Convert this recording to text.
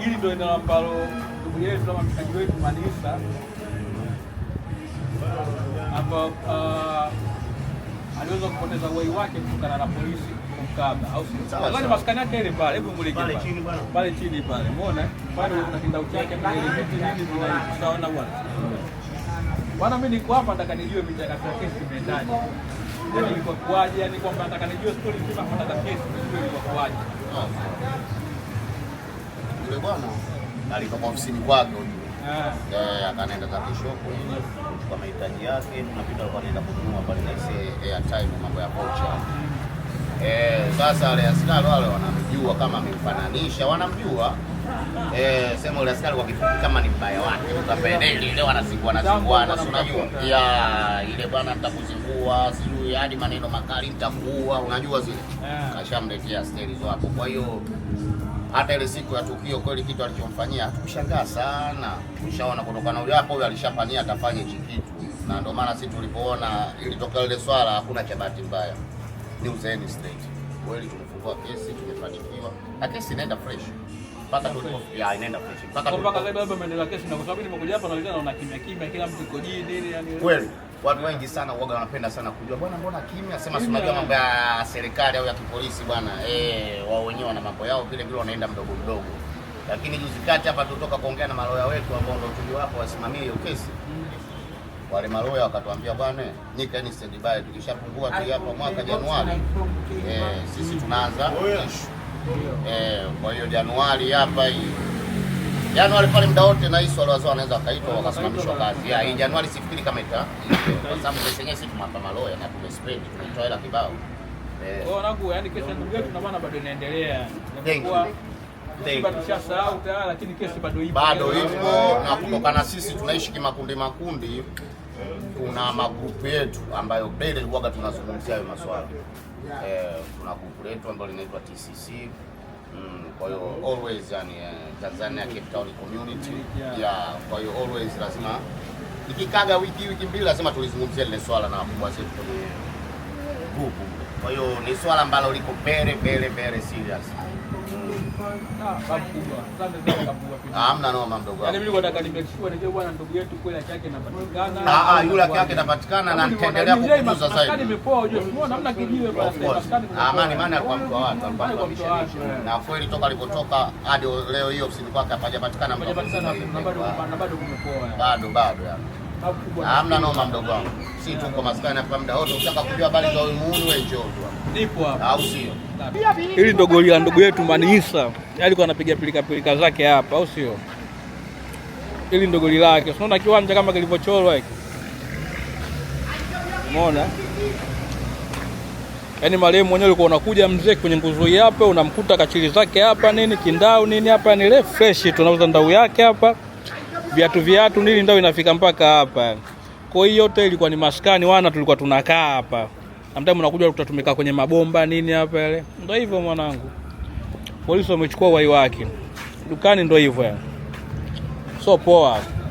Hili ndio eneo ambalo ndugu yetu ama mshikaji wetu Manisa ambao ah, aliweza kupoteza uhai wake kutokana na polisi kumkaba, au sio? Maskani yake ile pale, hebu mulike pale chini pale, muone pale kuna kindau chake bwana. Mimi niko hapa nataka nijue mchakato wa kesi yani ilikuwa kuaje, yani kwamba nataka nijue story nzima kwa nataka kesi ilikuwa kuaje. Oh. Yule bwana alitoka ofisini kwake huyo. Ah. Eh, akaenda zake mahitaji yake na vitu alikuwa anaenda kununua pale na airtime mambo ya pocha. Eh, sasa wale askari wale wana wanamjua kama amemfananisha, wanamjua eh, sema ile askari kwa kifupi kama ni mbaya wake, ile leo anazingua zinguana, si unajua ya ile bwana, nitakuzingua sijui, yaani maneno makali, nitakuua, unajua zile kashamletea stories hizo Kwa hiyo hata ile siku ya tukio kweli kitu alichomfanyia hatushangaa sana, tushaona kutokana ule hapo, huyo alishafanyia atafanya hichi kitu, na ndio maana sisi tulipoona ilitoka ile swala, hakuna cha bahati mbaya, ni uzeni straight kweli tumefungua kesi, tumefanikiwa na kesi inaenda fresh mpaka tulipo ya inaenda fresh mpaka mpaka kesi, na kwa sababu nimekuja hapa naona na kimya kimya, kila mtu yuko jini nini, yani kweli watu wengi sana uoga wanapenda sana kujua bwana, mbona kimya? Sema si unajua mambo ya serikali au ya kipolisi bwana, eh, wao wenyewe wana mambo yao vile vile, wanaenda mdogo mdogo lakini juzi kati hapa tutoka kuongea na maloya wetu ambao ndio tulio hapo wasimamie hiyo kesi. Mm wale maloya wakatuambia, bwana nyika ni stand by, tukishapungua tu hapa mwaka Januari eh, sisi tunaanza oh, eh. Kwa hiyo Januari hapa hii Januari pale muda wote na hizo wale wazao wanaweza wakaitwa wakasimamishwa kazi. Ya hii Januari sifikiri kama ita kwa sababu kesho yenyewe sisi tumapa maloya na tumespend tumetoa hela kibao. Eh. Oh, naku yani kesho ndugu yetu tunabana bado inaendelea. Thank you. Bado ipo na kutokana sisi tunaishi kimakundi makundi tuna magrupu yetu ambayo mbele tulikuwa tunazungumzia hayo maswala eh, tuna grupu letu ambalo linaitwa TCC mm, kwa hiyo always yani eh, Tanzania Cape Town community yeah, kwa hiyo always lazima ikikaga wiki wiki mbili lazima tulizungumzia lile swala na wakubwa zetu kwenye grupu. Kwa hiyo ni swala ambalo liko very very very serious. Hamna noma mdogo wangu. Yaani ah, ah, yule haki yake inapatikana na yaani nitaendelea kukujuza zaidi. Amani maana alikuwa mtu wa watu, alikuwa mtu eh. Na kweli toka alipotoka hadi leo hii ofisini kwake hapajapatikana eh. bado bado. Hamna noma, mdogo wangu, si tuko maskani hapa muda wote. Ukitaka kujua habari za huyu ulimwengu wewe njoo nipo hapa, au sio? Hili ndogo goli la ndugu yetu Mani Isa, alikuwa anapiga pilika pilika zake hapa, au sio? Hili ndogo lake. Unaona kiwanja kama kilivyochorwa hiki, umeona? Yaani marehemu mwenyewe alikuwa anakuja mzee kwenye nguzo hii hapa, unamkuta kachili zake hapa nini kindau nini hapa, ni yaani refresh tunauza ndau yake hapa viatu viatu nini ndio inafika mpaka hapa. Kwa hiyo yote ilikuwa ni maskani, wana tulikuwa tunakaa hapa amda, mnakuja tutatumika kwenye mabomba nini hapa yale. Ndio hivyo mwanangu, polisi wamechukua uhai wake dukani, ndio hivyo so poa.